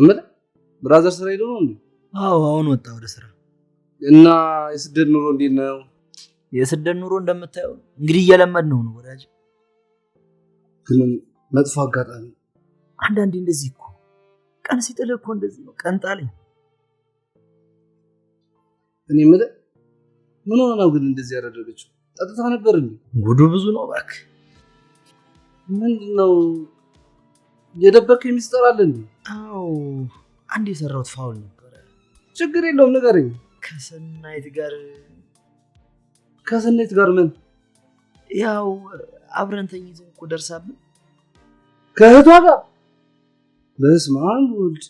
እምልህ ብራዘር ስራ ሄዶ ነው እንዴ? አዎ አሁን ወጣ ወደ ስራ። እና የስደት ኑሮ እንዴት ነው? የስደት ኑሮ እንደምታየው እንግዲህ እየለመድ ነው ነው ወዳጅ። ግን መጥፎ አጋጣሚ አንዳንዴ እንደዚህ እኮ ቀን ሲጥልህ እኮ እንደዚህ ነው። ቀን ጣለኝ። እኔ የምልህ ምን ሆነ ነው ግን እንደዚህ ያደረገችው? ጠጥታ ነበር እንዴ? ጉዱ ብዙ ነው እባክህ። ምንድን ነው የደበቀ የሚስጥር አለ እንዴ? አዎ፣ አንድ የሰራሁት ፋውል ነበረ። ችግር የለውም ንገረኝ። ከሰናይት ጋር ከሰናይት ጋር ምን? ያው አብረን ተኝተን እኮ ደርሳብን። ከእህቷ ጋር በስመ አብ ወልድ።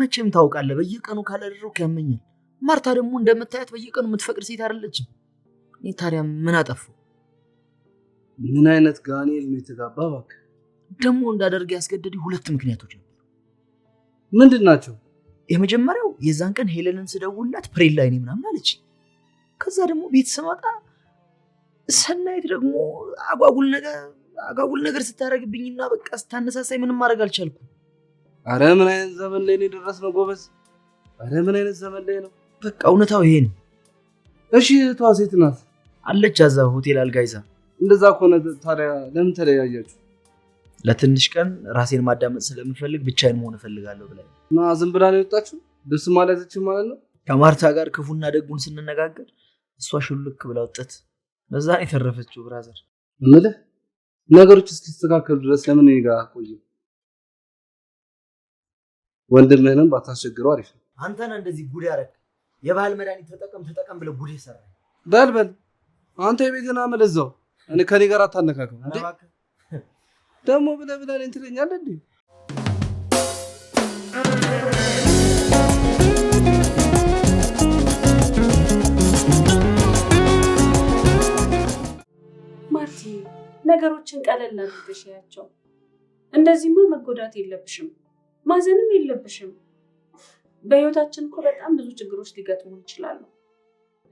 መቼም ታውቃለህ፣ በየቀኑ ካላደረኩ ያመኛል። ማርታ ደግሞ እንደምታያት በየቀኑ የምትፈቅድ ሴት አይደለችም። እኔ ታዲያ ምን አጠፋሁ? ምን አይነት ጋኔል ነው የተጋባ እባክህ ደግሞ እንዳደርግ ያስገደደ ሁለት ምክንያቶች ነበሩ። ምንድን ናቸው? የመጀመሪያው የዛን ቀን ሄለንን ስደውላት ፕሬል ላይ እኔ ምናምን አለች። ከዛ ደግሞ ቤት ስመጣ ሰናይት ደግሞ አጓጉል ነገር አጓጉል ነገር ስታደርግብኝና በቃ ስታነሳሳይ ምንም ማድረግ አልቻልኩ። አረ ምን አይነት ዘመን ላይ ነው የደረስነው ጎበዝ! አረ ምን አይነት ዘመን ላይ ነው። በቃ እውነታው ይሄ ነው። እሺ እህቷ ሴት ናት አለች፣ አዛ ሆቴል አልጋይዛ እንደዛ ከሆነ ታዲያ ለምን ተለያያችሁ? ለትንሽ ቀን ራሴን ማዳመጥ ስለምፈልግ ብቻዬን መሆን እፈልጋለሁ ብላ እና ዝም ብላ ነው የወጣችሁ። ልብስ ማለትች ማለት ነው። ከማርታ ጋር ክፉና ደጉን ስንነጋገር እሷ ሹልክ ብላ ወጠት። በዛ የተረፈችው ብራዘር ምልህ ነገሮች እስኪስተካከሉ ድረስ ለምን እኔ ጋር ቆየ? ወንድምህንም ባታስቸግረው አሪፍ ነው። አንተን እንደዚህ ጉድ ያረግ የባህል መድኃኒት ተጠቀም ተጠቀም ብለህ ጉድ ይሰራል። በል በል አንተ የቤትን አመለዛው እኔ ከኔ ጋር አታነካከም። ደግሞ ብለህ ብለህ እኔን ትለኛለህ እንዴ? ማርቲ፣ ነገሮችን ቀለል አድርገሽ ያቸው። እንደዚህማ መጎዳት የለብሽም፣ ማዘንም የለብሽም። በህይወታችን እኮ በጣም ብዙ ችግሮች ሊገጥሙ ይችላሉ።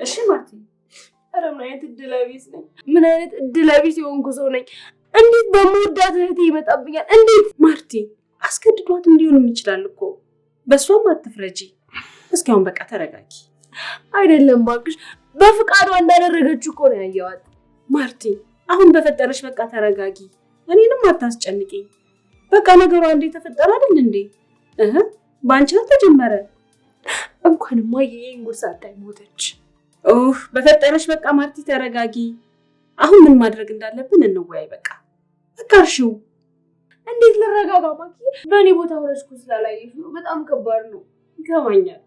እሺ ማርቲ? ኧረ ምን አይነት እድለቢስ ነኝ! ምን አይነት እድለቢስ የሆንኩ ሰው ነኝ! እንዴት በመወዳት እህቴ ይመጣብኛል? እንዴት ማርቲ አስገድዷትም ሊሆንም ይችላል እኮ በእሷም አትፍረጂ። እስኪሁን በቃ ተረጋጊ። አይደለም ባክሽ፣ በፍቃዷ እንዳደረገችው እኮ ነው ያየዋት። ማርቲ አሁን በፈጠረች በቃ ተረጋጊ። እኔንም አታስጨንቂኝ። በቃ ነገሯ እንዴ ተፈጠረ አይደል እንዴ? በአንቺ ተጀመረ። እንኳንማ ይሄን ጉድ ሳታይ ሞተች። ኦህ በቃ ማርቲ ተረጋጊ። አሁን ምን ማድረግ እንዳለብን እንወያይ በቃ ትካርሺው። እንዴት ልረጋጋ? ማኪ በእኔ ቦታ ሆነሽ ስላላየሽ ነው። በጣም ከባድ ነው። ይገባኛል።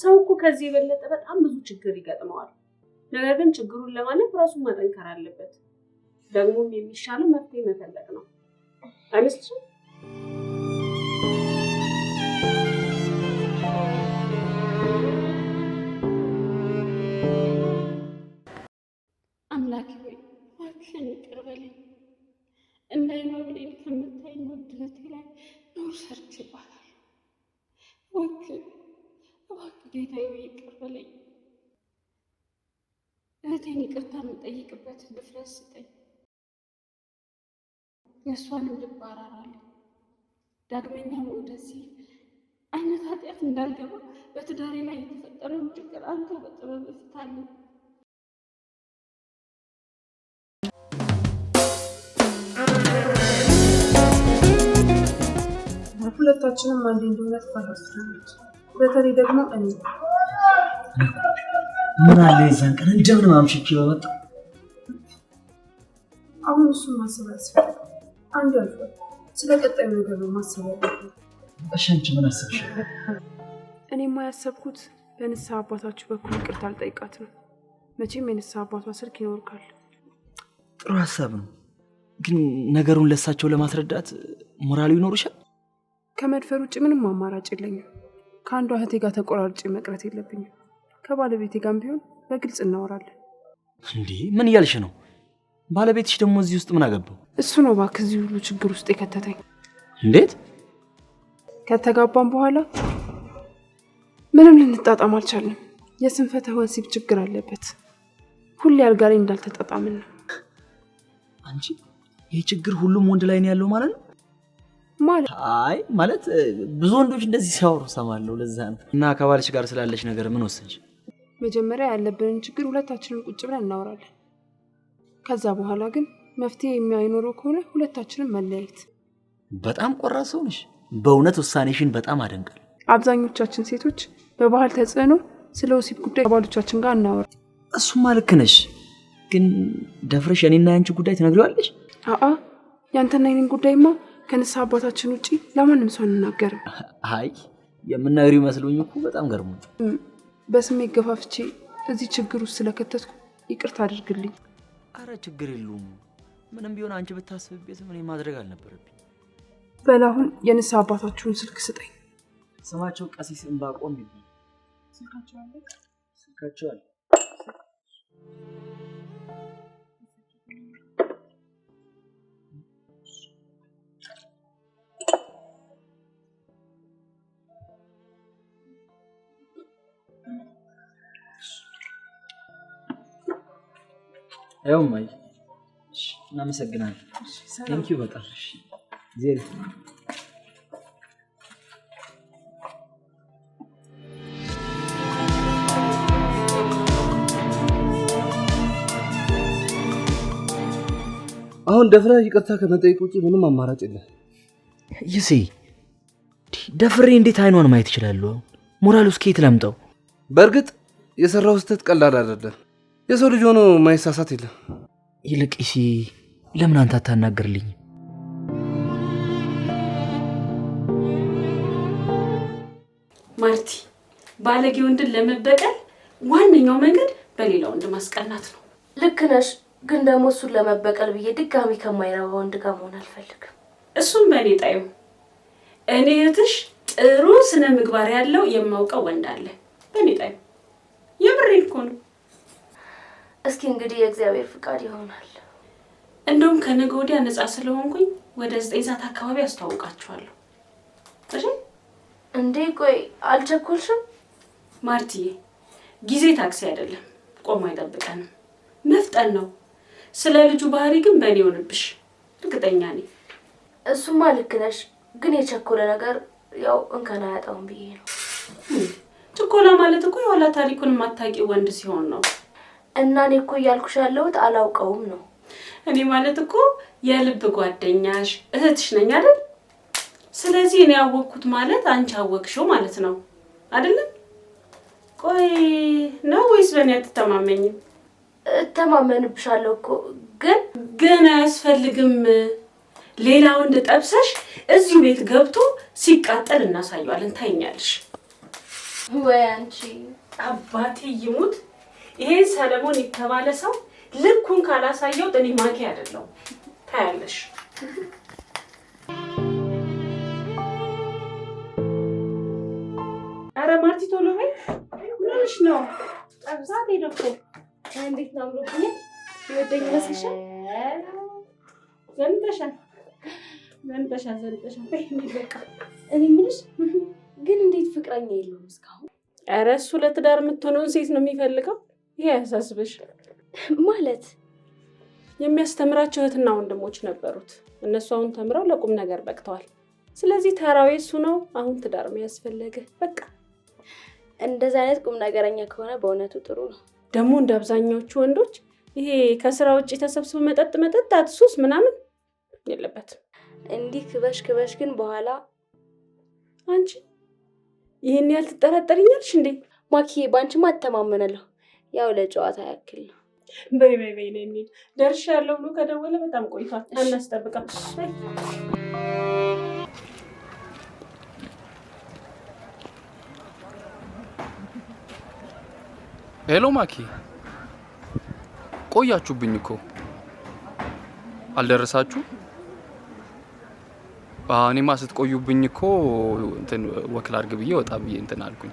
ሰው እኮ ከዚህ የበለጠ በጣም ብዙ ችግር ይገጥመዋል። ነገር ግን ችግሩን ለማለፍ ራሱን መጠንከር አለበት። ደግሞም የሚሻለው መፍትሄ መፈለግ ነው አይመስልሽም? አምላክ ሆይ እባክህን ይቅር በለኝ። እንዳይኖር ብሌን ከምታይ ውድነት ላይ ኖር ሰርች ይባላል። ወክ ወክ ጌታ ይቅር በለኝ፣ እህቴን ይቅርታ የምጠይቅበት ድፍረት ስጠኝ። የእሷንም ልብ አራራለሁ። ዳግመኛም ወደዚህ አይነት ኃጢአት እንዳልገባ በትዳሬ ላይ የተፈጠረውን ችግር አንተ በጥበብ ፍታለሁ። ሁለታችንም አንድ እንደሆነ ትፋታለች። በተለይ ደግሞ እኔ ምን አለ የዛን ቀን እንደምን አምሽቼ በመጣ አሁን እሱን ማሰብ አስፈል አንድ አልፎ ስለ ቀጣዩ ነገር ነው ማሰብ ያለብን። እሺ ምን አሰብሽ? እኔማ ያሰብኩት በንስሐ አባታችሁ በኩል ይቅርታ ልጠይቃት ነው። መቼም የንስሐ አባቷ ስልክ ይኖርካል። ጥሩ ሀሳብ ነው፣ ግን ነገሩን ለሳቸው ለማስረዳት ሞራሉ ይኖርሻል? ከመድፈር ውጭ ምንም አማራጭ የለኝም። ከአንዷ እህቴ ጋር ተቆራርጬ መቅረት የለብኝም። ከባለቤቴ ጋርም ቢሆን በግልጽ እናወራለን። እንዲህ ምን እያልሽ ነው? ባለቤትሽ ደግሞ እዚህ ውስጥ ምን አገባው? እሱ ነው እባክህ እዚህ ሁሉ ችግር ውስጥ የከተተኝ። እንዴት ከተጋባም በኋላ ምንም ልንጣጣም አልቻለም። የስንፈተ ወሲብ ችግር አለበት። ሁሌ አልጋ ላይ እንዳልተጣጣምን ነው። አንቺ ይህ ችግር ሁሉም ወንድ ላይ ነው ያለው ማለት ነው? አይ ማለት ብዙ ወንዶች እንደዚህ ሲያወሩ ሰማለሁ። ለዛ ነው። እና ከባልሽ ጋር ስላለች ነገር ምን ወሰንሽ? መጀመሪያ ያለብንን ችግር ሁለታችንን ቁጭ ብለን እናወራለን። ከዛ በኋላ ግን መፍትሄ የሚያይኖረው ከሆነ ሁለታችንም መለያየት። በጣም ቆራ ሰው ነሽ። በእውነት ውሳኔሽን በጣም አደንቃል። አብዛኞቻችን ሴቶች በባህል ተጽዕኖ ስለ ወሲብ ጉዳይ ከባሎቻችን ጋር እናወራ። እሱማ ልክ ነሽ፣ ግን ደፍረሽ የኔና ያንቺ ጉዳይ ትነግሪዋለሽ? አአ ያንተና የኔን ጉዳይማ ከንስሐ አባታችን ውጭ ለማንም ሰው አንናገርም። አይ የምናገር ይመስሉኝ እኮ በጣም ገርሞ በስሜት ገፋፍቼ እዚህ ችግር ውስጥ ስለከተትኩ ይቅርታ አድርግልኝ። አረ ችግር የለውም። ምንም ቢሆን አንቺ ብታስብበትም ምን ማድረግ አልነበረብኝ። በላሁን የንስሐ አባታችሁን ስልክ ስጠኝ። ስማቸው ቀሲስ እንባቆም ይባላል። ስልካቸው አለ። ስልካቸው አለ። ያው ማይ እናመሰግናለን። ቴንኪው በጣም አሁን ደፍረ ይቅርታ ከመጠየቅ ውጭ ምንም አማራጭ የለም። ይሲ ደፍሬ እንዴት አይኗን ማየት ይችላሉ? ሞራል ውስጥ ከየት ላምጠው? በእርግጥ የሰራው ስህተት ቀላል አይደለም። የሰው ልጅ ሆኖ ማይሳሳት የለም። ይልቅ ይሲ ለምን አንተ አታናግርልኝ? ማርቲ ባለጌ ወንድን ለመበቀል ዋነኛው መንገድ በሌላ ወንድ ማስቀናት ነው። ልክ ነሽ፣ ግን ደግሞ እሱን ለመበቀል ብዬ ድጋሚ ከማይረባ ወንድ ጋር መሆን አልፈልግም። እሱም በእኔ ጣዩ እኔ እህትሽ ጥሩ ስነ ምግባር ያለው የማውቀው ወንድ አለ። በእኔ ጣዩ የምሬን እኮ ነው። እስኪ እንግዲህ የእግዚአብሔር ፍቃድ ይሆናል። እንደውም ከነገ ወዲያ ነጻ ስለሆንኩኝ ወደ ዘጠኝ ሰዓት አካባቢ አስተዋውቃችኋለሁ። እሺ? እንዴ ቆይ አልቸኮልሽም? ማርትዬ፣ ጊዜ ታክሲ አይደለም፣ ቆሞ አይጠብቀንም። መፍጠን ነው። ስለ ልጁ ባህሪ ግን በእኔ ሆንብሽ እርግጠኛ ነኝ። እሱማ ልክ ነሽ፣ ግን የቸኮለ ነገር ያው እንከን አያጣውም ብዬ ነው። ችኮላ ማለት እኮ የኋላ ታሪኩን የማታውቂው ወንድ ሲሆን ነው። እና እኔ እኮ እያልኩሽ ያለሁት አላውቀውም ነው። እኔ ማለት እኮ የልብ ጓደኛሽ እህትሽ ነኝ አይደል? ስለዚህ እኔ ያወቅኩት ማለት አንቺ አወቅሽው ማለት ነው አይደለም? ቆይ ነው ወይስ በእኔ አትተማመኝም? እተማመንብሻለሁ እኮ ግን ግን አያስፈልግም። ሌላ ወንድ ጠብሰሽ እዚሁ ቤት ገብቶ ሲቃጠል እናሳየዋለን። ታይኛለሽ ወይ አንቺ አባቴ ይሙት ይሄ ሰለሞን የተባለ ሰው ልኩን ካላሳየው እኔ ማኪ አይደለው። ታያለሽ። አረ ማርቲ ቶሎ በይ። ምንሽ ነው? ጠብዛት ሄደ እኮ። እንዴት ነው አምሮብኝ ይወደኝ ይመስልሻል? ዘንጠሻል፣ ዘንጠሻል፣ ዘንጠሻል። በቃ እኔ ምንሽ ግን እንዴት ፍቅረኛ የለውም እስካሁን? አረ እሱ ለትዳር የምትሆነውን ሴት ነው የሚፈልገው ያሳስብሽ ማለት የሚያስተምራቸው እህትና ወንድሞች ነበሩት። እነሱ አሁን ተምረው ለቁም ነገር በቅተዋል። ስለዚህ ተራዊ እሱ ነው። አሁን ትዳር ያስፈለገ በቃ እንደዚህ አይነት ቁም ነገረኛ ከሆነ በእውነቱ ጥሩ ነው። ደግሞ እንደ አብዛኛዎቹ ወንዶች ይሄ ከስራ ውጭ ተሰብስቦ መጠጥ መጠጣት፣ ሱስ ምናምን የለበትም። እንዲህ ክበሽ ክበሽ ግን በኋላ አንቺ ይህን ያህል ትጠራጠርኛለሽ እንዴ? ማኪዬ በአንቺማ እተማመናለሁ። ያው ለጨዋታ ያክል ነው። በይ በይ በይ ነው የሚል ደርሽ ያለው ብሎ ከደወለ በጣም ቆይቷል። አናስጠብቀም። ሄሎ ማኪ፣ ቆያችሁብኝ እኮ አልደረሳችሁ። እኔማ ስትቆዩብኝ እኮ እንትን ወክል አድርግ ብዬ ወጣ ብዬ እንትን አልኩኝ።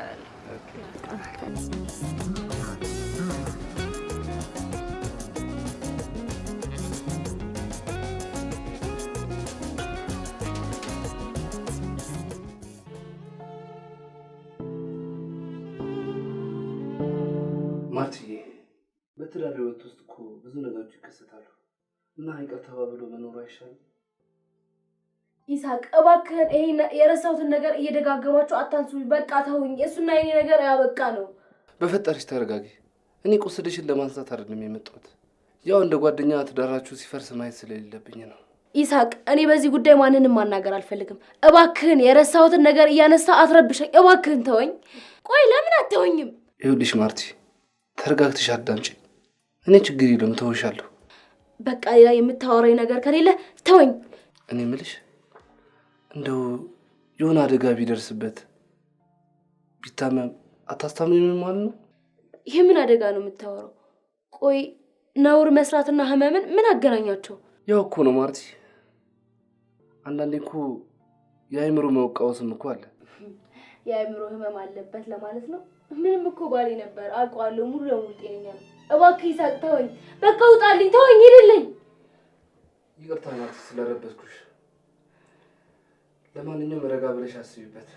በትዳር ህይወት ውስጥ እኮ ብዙ ነገሮች ይከሰታሉ እና ይቅር ተባብሎ መኖሩ አይሻልም? ይሳቅ እባክህን፣ ይሄ የረሳሁትን ነገር እየደጋገማችሁ አታንሱኝ። በቃ ተውኝ። እሱና የኔ ነገር ያበቃ ነው። በፈጠርሽ ተረጋጊ። እኔ ቁስልሽን ለማንሳት አይደለም የመጣሁት፣ ያው እንደ ጓደኛ ትዳራችሁ ሲፈርስ ማየት ስለሌለብኝ ነው። ኢሳቅ እኔ በዚህ ጉዳይ ማንንም ማናገር አልፈልግም። እባክህን፣ የረሳሁትን ነገር እያነሳ አትረብሸኝ። እባክህን ተወኝ። ቆይ ለምን አትተወኝም? ይኸውልሽ ማርቲ፣ ተረጋግተሽ አዳምጪኝ። እኔ ችግር የለም ተወሻለሁ። በቃ ሌላ የምታወራኝ ነገር ከሌለ ተወኝ። እኔ ምልሽ እንደው የሆነ አደጋ ቢደርስበት ቢታመም አታስታምኝም ማለት ነው? ይህ ምን አደጋ ነው የምታወራው? ቆይ ነውር መስራትና ህመምን ምን አገናኛቸው? ያው እኮ ነው ማርቲ፣ አንዳንዴ እኮ የአእምሮ መቃወስም እኮ አለ። የአእምሮ ህመም አለበት ለማለት ነው? ምንም እኮ ባሌ ነበር፣ አውቀዋለሁ። ሙሉ ለሙሉ ጤነኛ ነው። እባክህ ይሳቅ ተወኝ፣ በቃ ውጣልኝ፣ ተወኝ፣ ሂድልኝ። ይቅርታ ናት ስለረበስኩሽ። ለማንኛውም ረጋ ብለሽ አስቢበት፣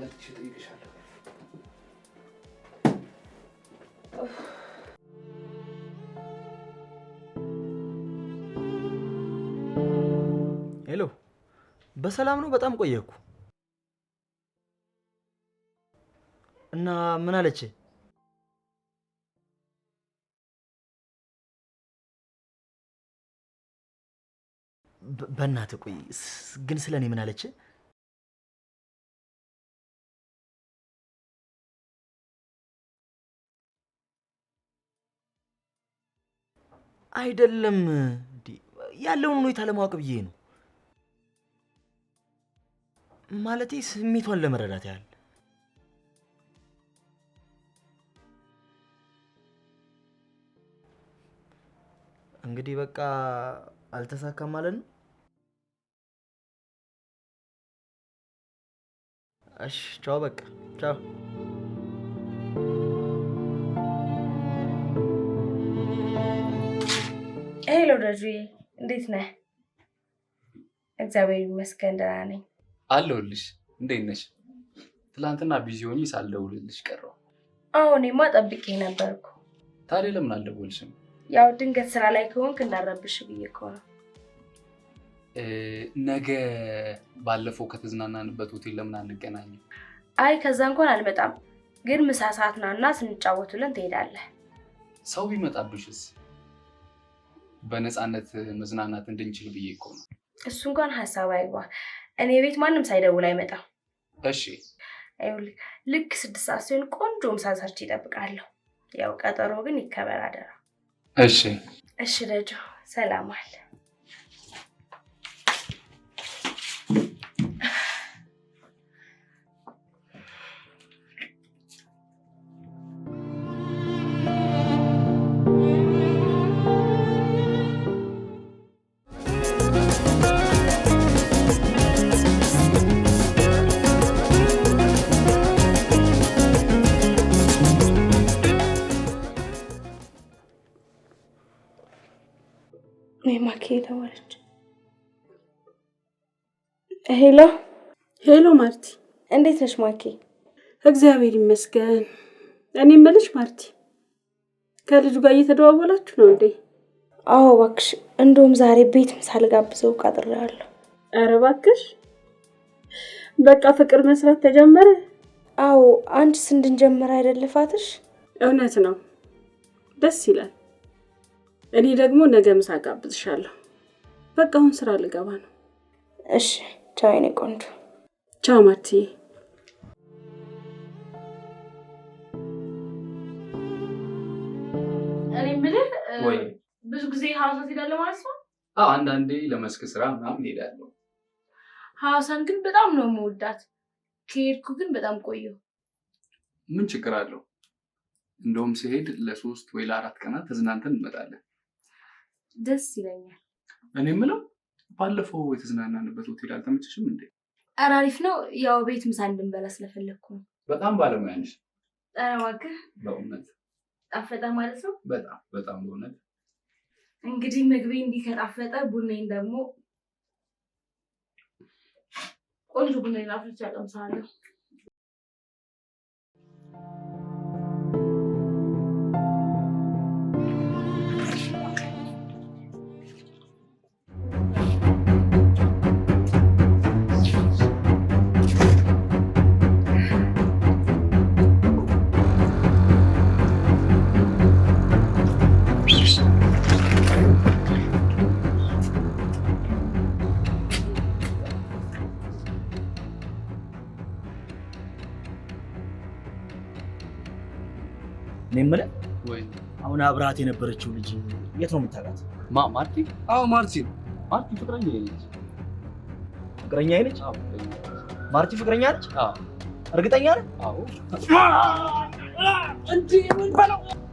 መጥቼ እጠይቅሻለሁ። ሄሎ፣ በሰላም ነው? በጣም ቆየኩ እና ምን አለች? በእናትህ ቆይ ግን ስለ እኔ ምን አለች? አይደለም ያለውን ሁኔታ ለማወቅ ብዬ ነው። ማለቴ ስሜቷን ለመረዳት ያህል እንግዲህ በቃ አልተሳካም ማለት ነው። እሺ ቻው፣ በቃ ቻው። ሄሎ ደጁዬ፣ እንዴት ነህ? እግዚአብሔር ይመስገን ደህና ነኝ አለሁልሽ። እንዴት ነሽ? ትላንትና ቢዚ ሆኜ ሳልደውልልሽ ቀረሁ። አዎ እኔማ ጠብቄ ነበርኩ። ታዲያ ለምን አልደወልሽም? ያው ድንገት ስራ ላይ ከሆንክ እንዳረብሽ ብዬ እኮ ነው። ነገ ባለፈው ከተዝናናንበት ሆቴል ለምን አንገናኝ? አይ ከዛ እንኳን አልመጣም፣ ግን ምሳ ሰዓት ናና ስንጫወት ብለን ትሄዳለህ። ሰው ቢመጣብሽስ? በነፃነት መዝናናት እንድንችል ብዬ እኮ ነው። እሱ እንኳን ሀሳብ አይግባ፣ እኔ ቤት ማንም ሳይደውል አይመጣም። እሺ ይኸውልህ፣ ልክ ስድስት ሰዓት ሲሆን ቆንጆ ምሳ ሰርቼ ይጠብቃለሁ። ያው ቀጠሮ ግን ይከበር አደራ። እሺ እሺ። ደጆ ሰላም አለ ነይ ማኪ ተባለች። ሄሎ ሄሎ፣ ማርቲ እንዴት ነሽ ማኬ እግዚአብሔር ይመስገን። እኔ የምልሽ ማርቲ፣ ከልጁ ጋር እየተደዋወላችሁ ነው እንዴ? አዎ እባክሽ፣ እንደውም ዛሬ ቤት ምሳ ልጋብዘው ቀጥሬዋለሁ። ኧረ እባክሽ፣ በቃ ፍቅር መስራት ተጀመረ። አዎ አንቺስ እንድንጀምር አይደል ፋትሽ? እውነት ነው፣ ደስ ይላል። እኔ ደግሞ ነገ ምሳ ጋብዝሻለሁ። በቃ አሁን ስራ ልገባ ነው። እሺ ቻው፣ የኔ ቆንጆ። ቻው ማርትዬ። ብዙ ጊዜ ሀዋሳ ትሄዳለህ ማለት ነው? አዎ፣ አንዳንዴ ለመስክ ስራ ምናምን እሄዳለሁ። ሀዋሳን ግን በጣም ነው የምወዳት። ከሄድኩ ግን በጣም ቆየሁ። ምን ችግር አለው? እንደውም ሲሄድ ለሶስት ወይ ለአራት ቀናት ተዝናንተን እንመጣለን። ደስ ይለኛል። እኔ የምለው ባለፈው የተዝናናንበት ሆቴል አልተመቸሽም እንዴ? ኧረ አሪፍ ነው። ያው ቤት ምሳ እንድንበላ ስለፈለግኩ ነው። በጣም ባለሙያ ነሽ። ኧረ እባክህ በእውነት ጣፈጠ ማለት ነው። በጣም በጣም በእውነት እንግዲህ ምግቤ እንዲህ ከጣፈጠ ቡናዬን ደግሞ ቆንጆ ቡና ላፍልቼ አቀምሳለሁ። እኔ የምልህ አሁን አብራት የነበረችው ልጅ የት ነው የምታውቃት? ማ ማርቲ? አዎ ማርቲ። ማርቲ ፍቅረኛ ነች። ፍቅረኛ ነች? አዎ ማርቲ ፍቅረኛ ነች። አዎ እርግጠኛ ነህ? አዎ እንዴ! ምን በለው